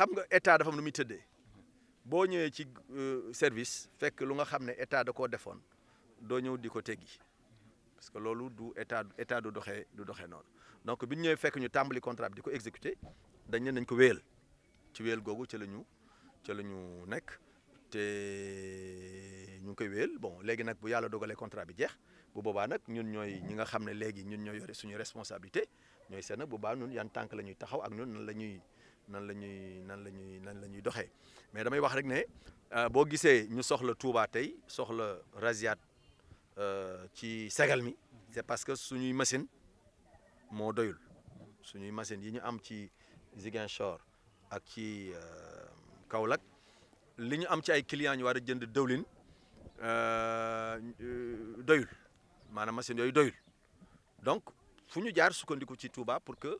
xam nga état dafa am lu muy tëddee boo ñëwee ci euh, service fekk lu nga xam ne état da koo defoon doo ñëw di ko teggi parce que loolu du état état du doxe du doxe noonu donc bi ñu ñëwee fekk ñu tàmbali contrat bi di ko exécuter dañ ne nañ ko wéyal ci wéyal googu ci la ñu ci la ñu nekk te ñu ngi koy wéel bon léegi nag bu yàlla dogalee contrat bi jeex bu boobaa nag ñun ñooy ñi nga xam ne léegi ñun ñooy yore suñu responsabilité ñooy seen nag bu baax ñun yan tànk la ñuy taxaw ak ñun la ñuy. nan la ñuy nan la ñuy nan la ñuy doxee mais damay wax rek ne euh, boo gisee ñu soxla Touba tey soxla Rasiat euh, ci segal mi c'est parce que suñuy machine moo doyul suñuy machine yi ñu am ci Ziguinchor ak ci euh, Kaolack li ñu am ci ay clients ñu war a jënd dëwlin doyul maanaam machine yooyu doyul donc fu ñu jaar sukkandiku ci Touba pour que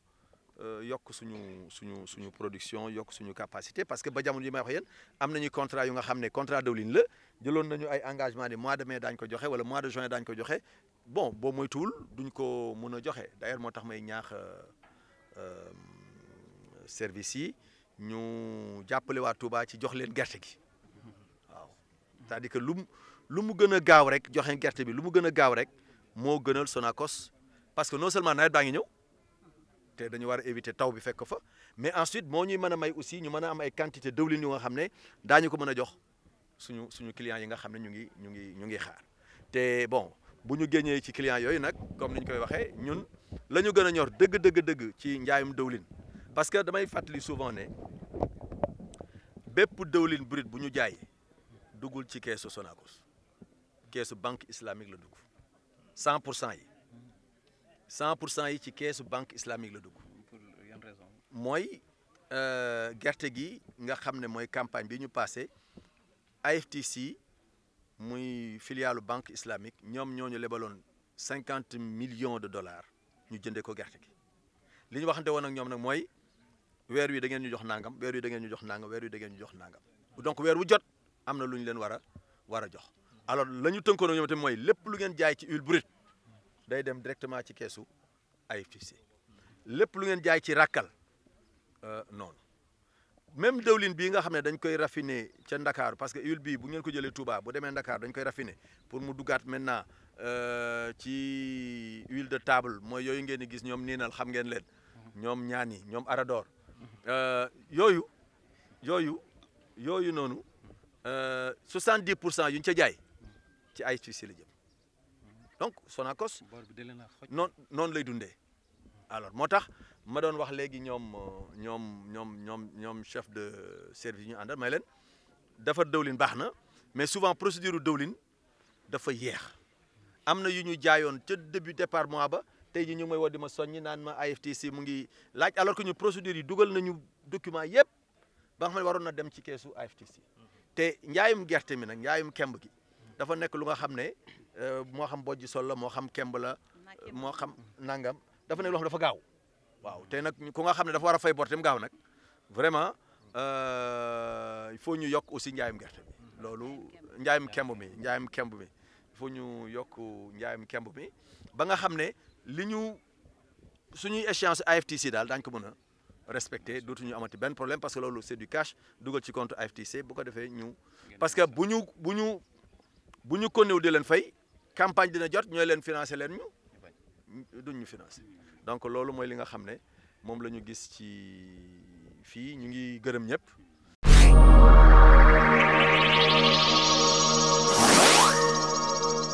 Euh, yokk suñu suñu suñu production yokk suñu capacité parce que ba jamono yi may wax yéen am nañu contrat yu nga xam ne contrat dëwlin la jëloon nañu ay engagement ni mois de mai daañu ko joxe wala mois de juin daañu ko joxe bon boo moytuwul duñ ko mun a joxe d'ailleurs moo tax may ñaax euh, euh, service yi ñu jàppale waa Touba ci jox leen gerte gi waaw cest di que lu lu mu gën a gaaw rek joxe gerte bi lu mu gën a gaaw rek moo gënal Sonacos parce que non seulement nawet baa ngi ñëw te dañu war a éviter taw bi fekk fa mais ensuite moo ñuy mën a may aussi ñu mën a am ay quantité dëwlin yu nga xam ne daañu ko mën a jox suñu suñu clients yi nga xam ne ñu ngi ñu ngi ñu ngi xaar te bon bu ñu génnee ci clients yooyu nag comme ni ñu koy waxee ñun la ñu gën a ñor dëgg dëgg dëgg ci njaayum dëwlin parce que damay fàttali souvent ne bépp dëwlin brut bu ñu jaay duggul ci keesu Sonacos keesu banque islamique la dugg cent pour cent yi. 100 pour cent yi ci keesu banque islamique la dugg. pour yan raison. mooy euh, gerte gi nga xam ne mooy campagne bi ñu passé AFTC muy filialu banque islamique ñoom ñoo ñu lebaloon 50 millions de dollars ñu jënde ko gerte gi li ñu waxante woon ak ñoom nag mooy weer wi da ngeen ñu jox nangam weer wi da ngeen ñu jox nangam weer wi da ngeen ñu jox nangam donc weer wu jot am na lu ñu leen war a war a jox alors la ñu tënkoon ñoom tamit mooy lépp lu ngeen jaay ci huile brute. day dem directement ci keesu AFTC lépp lu ngeen jaay ci ràkkal euh, noonu même dëwlin bii nga xam ne dañ koy raffiné ca Ndakaaru parce que huile bii bu ngeen ko jëlee Touba bu demee Ndakaaru dañ koy rafine pour mu duggaat maintenant euh, ci huile de table mooy yooyu ngeen di gis ñoom niinal xam ngeen leen ñoom ñaani ñoom aradoor euh, yooyu yooyu yooyu noonu soixante-dix pour cent yu ñu ca jaay ci ay fii si donc Sonacos. bor bi dale na xoj noonu noonu lay dundee. alors moo tax ma doon wax léegi ñoom ñoom ñoom ñoom ñoom chef de service ñu àndal may leen dafa dëwlin baax na mais souvent procédure dëwlin dafa yeex am na yu ñu jaayoon ca début départ ba te ji ñu may woo di ma soññi naan ma AFTC mu ngi laaj alors que ñu procédure yi dugal nañu document yëpp ba nga xam ne waroon na dem ci keesu AFTC mm-hmm. te njaayum gerte mi nag njaayum kemb ki dafa nekk lu nga xam ne Euh, moo xam bojj sol la moo xam kemb la moo xam nangam dafa ne loo xam dafa gaaw waaw te nag ku nga xam ne dafa war fay bor tam gaaw nag vraiment euh, il faut ñu yokk aussi njaayum gerte loolu njaayum kemb mi njaayum kemb mi il ñu yokk njaayum kemb mi ba nga xam ne li ñu suñuy échéance AFTC daal daañu ko mën a respecté dootuñu amati benn problème parce que loolu c'est du cash dugal ci compte AFTC bu ko defee ñu parce que bu ñu bu ñu bu ñu konnewu di leen fay campagne dina jot ñooy leen financé leen ñu duñ ñu financé donc loolu mooy li nga xam ne moom la ñu gis ci fii ñu ngi gërëm ñëpp